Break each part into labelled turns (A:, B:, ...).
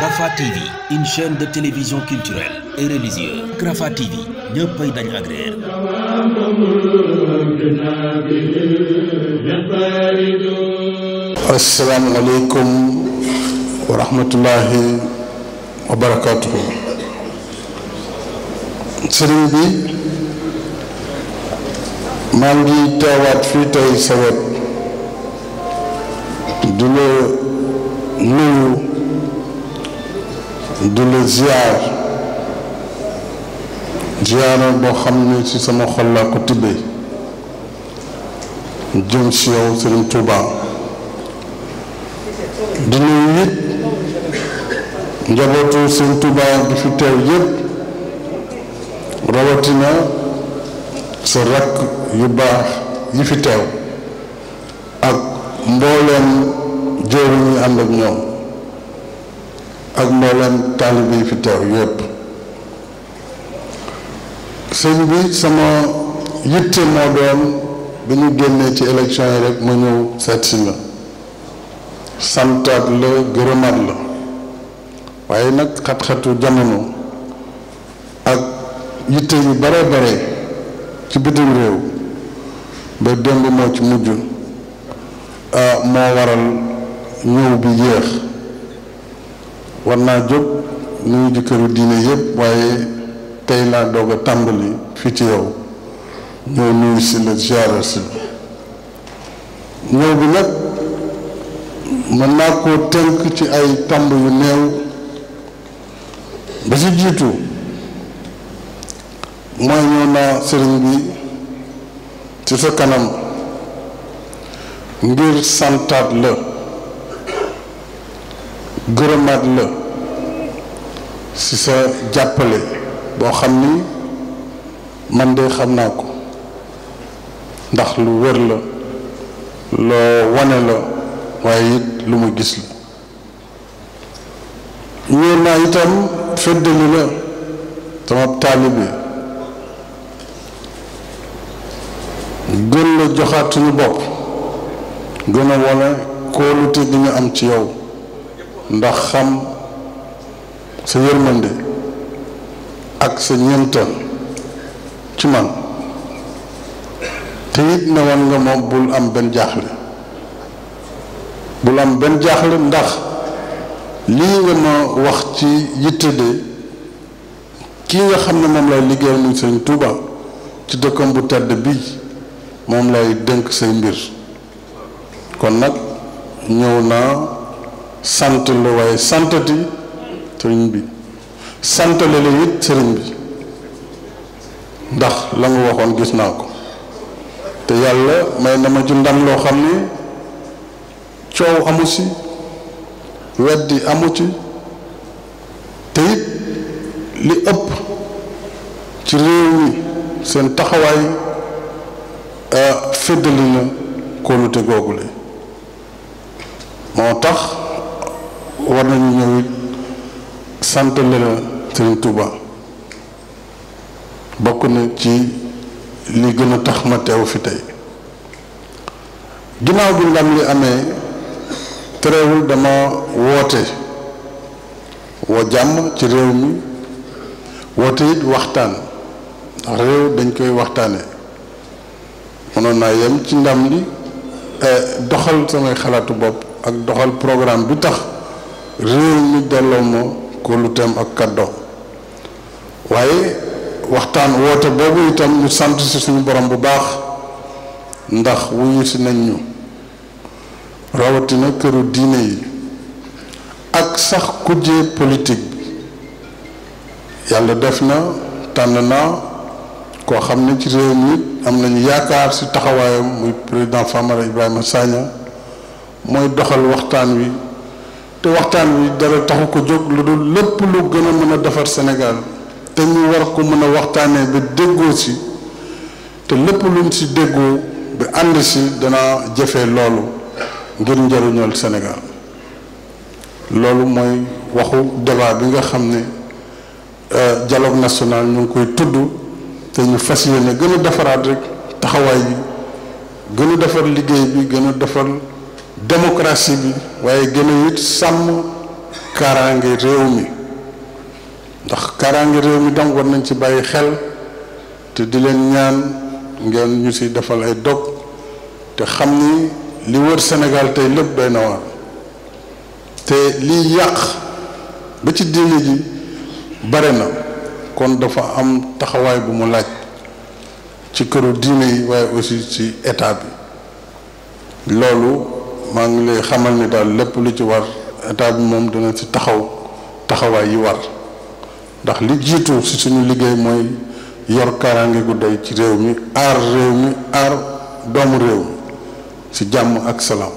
A: Rafah TV une chaîne de télévision culturelle et religieuse Rafah TV ñëppay dañ agréer assalaamu aleykum wa rahmatullahi wa barakaatuhu sëriñ bi maa ngi teewaat fii tey sa wet du la nuyu du la ziar ziara boo xam ne ci sama xol la ko tibbee jëm si yow sëriñ Touba di nuyu it njabootu sëriñ Touba gi fi teew yëpp rawatina sa rakk yu baax yi fi teew ak mbooleem jëwriñ ñi ànd ak ñoom ak mbooleem taalibe yi fi teew yépp sëñ bi sama yitte moo doon bi ñu génnee ci élection yi rek ma ñëw seet si la santaat la gërëmaat la waaye nag xat-xatu jamono yitte yu bare bare ci bitim réew ba démb moo ci mujj ah, moo waral ñëw bi yéex war naa jóg nuyu ji këru diine yépp waaye tey laa doog a tàmbali fii ci yow ñëw nuyu si la ziara si ñëw bi nag mën naa koo tënk ci ay tàmb yu néew ba ci jiitu mooy ñëw naa sëriñ bi ci sa kanam ngir santaat la gërëmaat la ci sa jàppale boo xam ni man de xam naa ko ndax lu wér la loo wane la waaye it lu mu gis la ñëw naa itam feddali la sama taalibe gën la joxaat suñu bopp gën a wane kóolute bi ñu am ci yow ndax xam sa yërmande ak sa ñeemtal ci man te it ne woon nga moom bul am benn jaaxle bul am benn jaaxle ndax lii nga ma wax ci yitte de kii nga xam ne moom lay liggéeyal muy Sëriñ Tuuba ci dëkkam bu tedd bii moom lay dënk say mbir kon nag ñëw naa sant la waaye santati sëriñ bi santale la it sëriñ bi ndax lañu waxoon gis naa ko te yàlla may na ma ci ndam loo xam ne coow amu ci weddi amu ci te it li ëpp ci réew mi seen taxawaay Euh, féddali ñu kóolute googu li moo tax war nañu ñëw it sant leen Sëriñ bokk na ci li gën a tax ma teew fi tey ginnaaw bi ndam li amee terewul dama woote woo jàmm ci réew mi woote it waxtaan réew dañ koy waxtaane mënoon naa yem ci ndam li eh, doxal samay xalaatu bopp ak doxal programme bi tax réew mi delloo ma ko ak kaddo waaye waxtaan woote boobu itam ñu sant si suñu borom bu baax ndax wuyu nañ ñu rawatina këru diine yi ak sax kujje politik bi yàlla def na tànn naa koo xam ne ci réew mi am nañu yaakaar si taxawaayam muy président Famara Ibrahima Sagna mooy doxal waxtaan wi te waxtaan wi dara taxu ko jóg lu dul lépp lu gën a mën a defar Sénégal te ñu war a ko mën a waxtaanee ba déggoo si te lépp luñ si déggoo ba ànd si danaa jëfee loolu ngir njëriñal Sénégal loolu mooy waxu débat bi nga xam ne euh, dialogue national ñu ngi koy tudd te ñu fas yéene gën defaraat rekk taxawaay bi gën defar liggéey bi gën a defar démocratie bi waaye gën a it sàmm kaaraange réew mi ndax kaaraange réew mi donc war nañ ci bàyyi xel te di leen ñaan ngeen ñu ci defal ay dog te xam ni li wër Sénégal tey lépp doy na waar te liy yàq ba ci diine ji bare na kon dafa am taxawaay bu mu laaj ci këru diine yi waaye aussi ci état bi loolu maa ngi lay xamal ni daal lépp lu ci war état bi moom dana ci taxaw taxawaay yi war ndax li jiitu ci suñu liggéey mooy yor kaaraange gu doy ci réew mi aar réew mi aar doomu réew mi ci jàmm ak salaam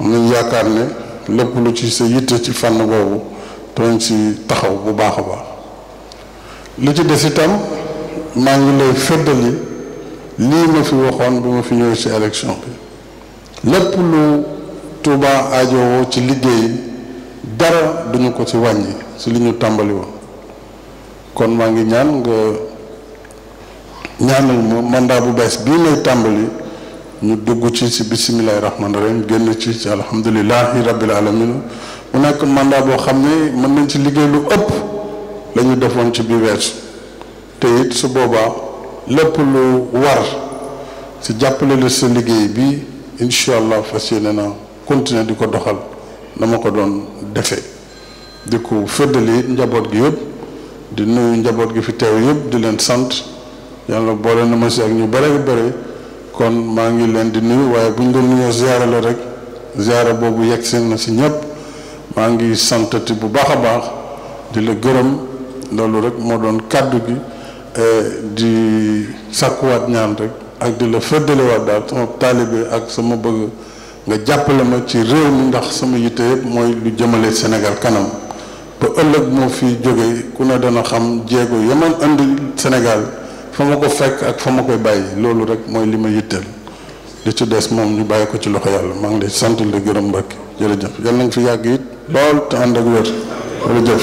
A: am nañ yaakaar ne lépp lu ci sa yitte ci fànn boobu doon ci taxaw bu baax a baax li ci des itam maa ngi lay feddali lii ma fi waxoon bi ma fi ñëw ci élection bi lépp lu Touba aajowoo ci liggéey dara duñu ko ci wàññi ci li ñu tàmbali woon kon maa ngi ñaan nga ñaanal ma mandat bu bees bii may tàmbali ñu dugg ci ci bisimilahi rahmaani rahim génn ci ci alhamdulilahi rabbil alamin mu nekk mandat boo xam ne mën nañ ci liggéey lu ëpp lañu defoon ci biir weesu te it su boobaa lépp lu war si jàppale la sa liggéey bi incha allah fas yéene na continuer di ko doxal dama ko doon defee di ko fëddali njaboot gi yëpp di nuyu njaboot gi fi teew yëpp di leen sant yàlla boole na ma si ak ñu bare bare kon maa ngi leen di nuyu waaye bu ñu doon nuyoo ziyaara rek ziyaara boobu yegg seen na si ñëpp maa ngi santati bu baax a baax di la gërëm loolu rek moo doon kàddu gi eh, di sàkkuwaat ñaan rek ak di la fëddalewaat daal sama taalibe ak sama bëgg nga jàppale ma ci réew mi ndax sama yitte yëpp mooy lu jëmale Sénégal kanam ba ëllëg moo fi jóge ku ne dana xam jéego yaman indi Sénégal fa ma ko fekk ak fa ma koy bàyyi loolu rek mooy li ma yitteel li ci des moom ñu bàyyi ko ci loxo yàlla maa ngi lay sant di gërëm Mbàkke jërëjëf yàlla nga fi yàgg it lool te ànd ak wér jërëjëf